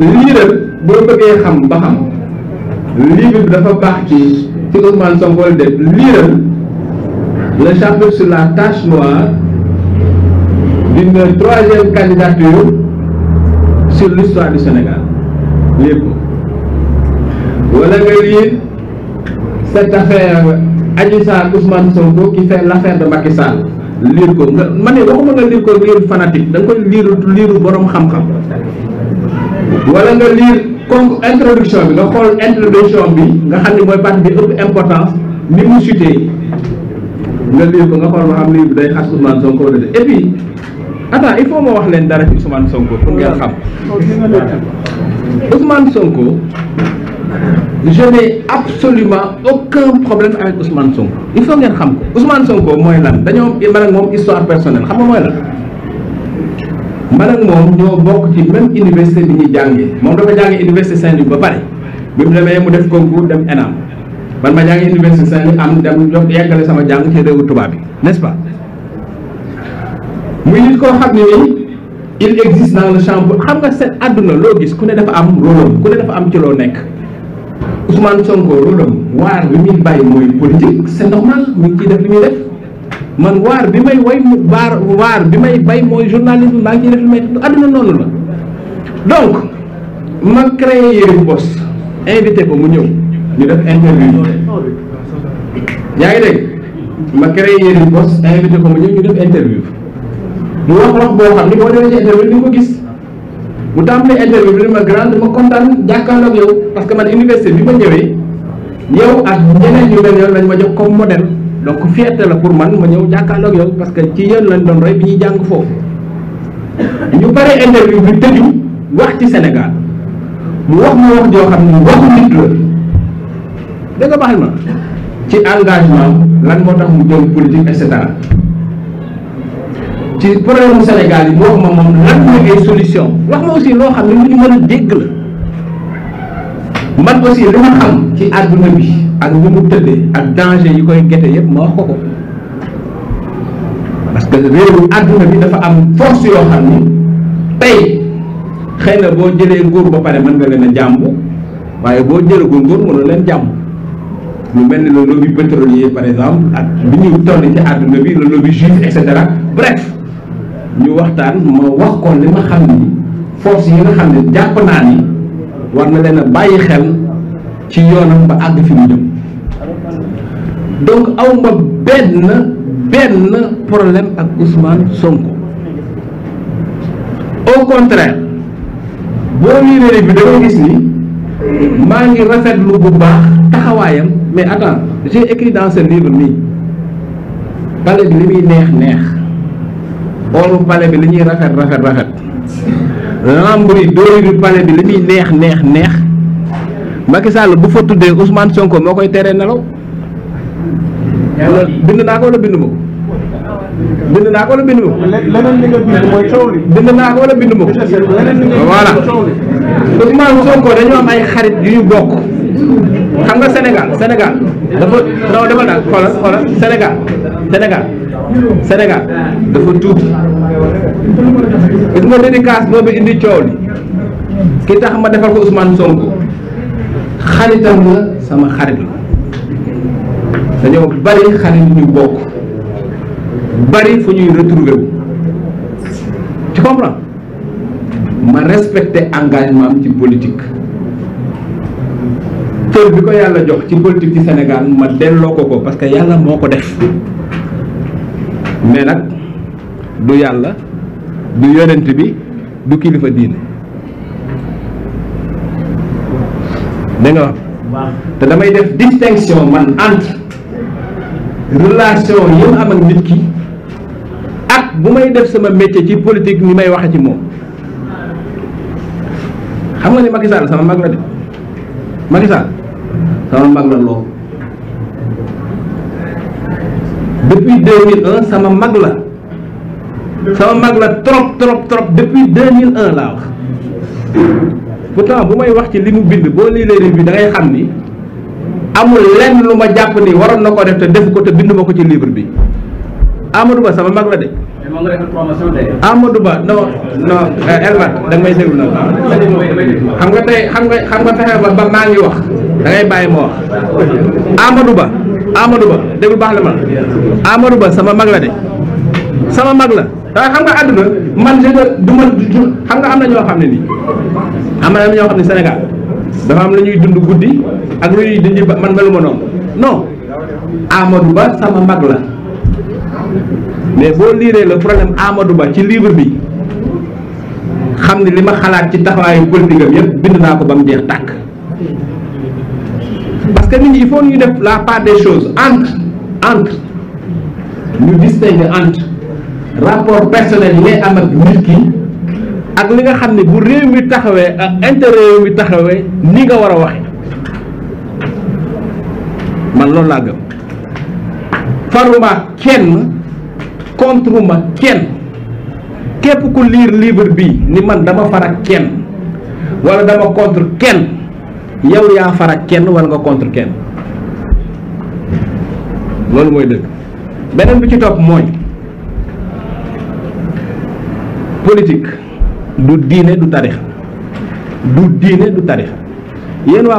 lii boo bëggee xam ba xam livre bi dafa baax ci ci Ousmane Sonko la def liiral le chapitre sur la tache noire d'une troisième candidature sur l'histoire du Sénégal lépp wala nga lire cette affaire Adji Sarr Ousmane Sonko qui fait l'affaire de Macky Sall lire ko nga ma ne waxuma nga lire ko lire fanatique da koy lire liiru boroom xam-xam wala nga lire comme introduction bi nga xool introduction bi nga xam ne mooy partie bi ëpp importance ni mu cité nga lire ko nga xool ba xam livre day xas Ousmane Sonko wala et puis attends il faut ma wax leen dara ci Ousmane Sonko pour ngeen xam Ousmane Sonko je n'ai absolument aucun problème avec Ousmane Sonko il faut ngeen xam ko Ousmane Sonko mooy lan dañoo man ak moom histoire personnel xam nga mooy lan man ak moom ñoo bokk ci même université bi ñuy jàngee moom dafa jàngee université Saint-Louis ba pare bi mu demee mu def concours dem ENAM man ma jàngee université Saint-Louis am dem jox sama jàng ci réewu tubaab bi n'est-ce pas muy nit koo xam ne nii il existe dans le champ xam nga seen àdduna loo gis ku ne dafa am rôlam ku ne dafa am ci loo nekk Ousmane Sonko rôlam waar bi muy bàyyi mooy politique c'est normal mu ngi def li muy def man waar bi may way mu waar waar bi may bay mooy journalisme maa ngi ciy def lu may adduna noonu la donc ma créé Yëri Bos invité ko mu ñëw ñu def interview yaa ngi dégg ma créé Yëri Bos invité ko mu ñëw ñu def interview mu wax wax boo xam ni boo demee ci interview ni ko gis mu tàmbalee interview bi ni ma grande ma kontaan jàkkaarloog yow parce que man université bi ma ñëwee yow ak ñeneen ñu mel yoon lañ ma jox kow modèle donc fierté la pour man ma ñëw jàkkaarloog yow parce que ci yéen lañ doon roy bi ñuy jàng foofu ñu pare interview bi tëju wax ci Sénégal mu wax ma wax joo xam ne waxu nit la dëgg baal ma ci engagement lan moo tax mu jël politique et cetera ci problème mu Sénégal yi mu wax ma moom lan mooy ay solution wax ma aussi loo xam ne lu ñu mën a dégg la man aussi li ma xam ci àdduna bi. ak ni mu tëddee ak danger yi koy gerte yëpp ma wax ko ko parce que réewu àdduna bi dafa am force yoo xam ni tey xëy na boo jëlee nguur ba pare mën nga leen a waaye boo jëlagul nguur mënoo leen jàmb mu mel ni le lobby pétrolier par exemple ak bi ñu toll ci àdduna bi le lobby juif et cetera bref ñu waxtaan ma wax ko li ma xam ni force yi nga xam ne jàpp naa ni war na leen a bàyyi xel ci yoonam ba àgg fi mu jëm donc aw benn benn problème ak Ousmane sonk au contraire boo liiree bi da gis ni maa ngi rafetlu bu baax taxawaayam mais attends j'ai écrit dans ce livre nii palais bi li muy neex neex oolu palais bi li ñuy rafet rafet rafet lambre yi dóori du bi li muy neex neex neex Macky Sall bu fa tuddee Ousmane Sonko moo koy teree nelaw. bind naa ko wala bind ma ko. bind naa ko wala bind ma ko. leneen li naa ko wala bind ma ko. voilà Ousmane Sonko dañoo am ay xarit yu ñu bokk. xam nga Sénégal Sénégal dafa raw dama daal xoolal xoolal Sénégal Sénégal Sénégal dafa tuuti gis nga dédicace boobu indi coow li ki tax ma defal ko Ousmane Sonko. xaritam la sama xarit la dañoo bari xarit ñu bokk bari fu ñuy retrouver wu tu comprends ma respecté engagement am ci politique cër bi ko yàlla jox ci politique ci Sénégal ma delloo ko ko parce que yàlla moo ko def mais nag du yàlla du yonent bi du kilifa diine da nga wax te damay def distinction man entre relation yi ma am ak nit ki ak bu may def sama métier ci politique ni may waxe ci moom xam nga ne Macky sama mag la de Macky sama mag la lool depuis 2001 sama mag la sama mag la trop trop trop depuis 2001 laa wax pourtant bu may wax ci li mu bind boo lii livre bi da ngay xam ni amul lenn lu ma jàpp ni waroon na ko def te def ko te bind ma ko ci livre bi Amadou Ba sama mag la de. Amadou Ba non non eh, Elmat da may déglu nag xam nga tey xam nga xam nga fexe ba maa ngi wax da bàyyi ma wax Amadou Ba Amadou Ba déglu baax la ma Amadou Ba sama mag la de sama mag la waaye xam nga àdduna man de du ma xam nga am na ñoo xam ne nii. am na ñoo xam ne senegal dafa am lu ñuy dund guddi ak lu ñuy dindi ba man meluma noonu non Amadou Ba sama mag la mais boo liiree le problème Amadou Ba ci livre bi xam ne li ma xalaat ci taxawaayu politique am yëpp bind naa ko ba mu jeex tàkk parce que nit ñi il faut ñu def la part des choses entre entre ñu distinguer entre rapport personnel yi am ak nit ak li nga xam ne bu réew mi taxawee ak intérêt réew mi taxawee ni nga war a waxe man loolu laa gëm faruma kenn contre ma kenn képp ku liir livre bi ni man dama farak kenn wala dama contre kenn yow yaa farak kenn wala nga contre kenn loolu mooy dëgg beneen bi ci topp mooy politique du diine du tarixa du diine du tarixa yéen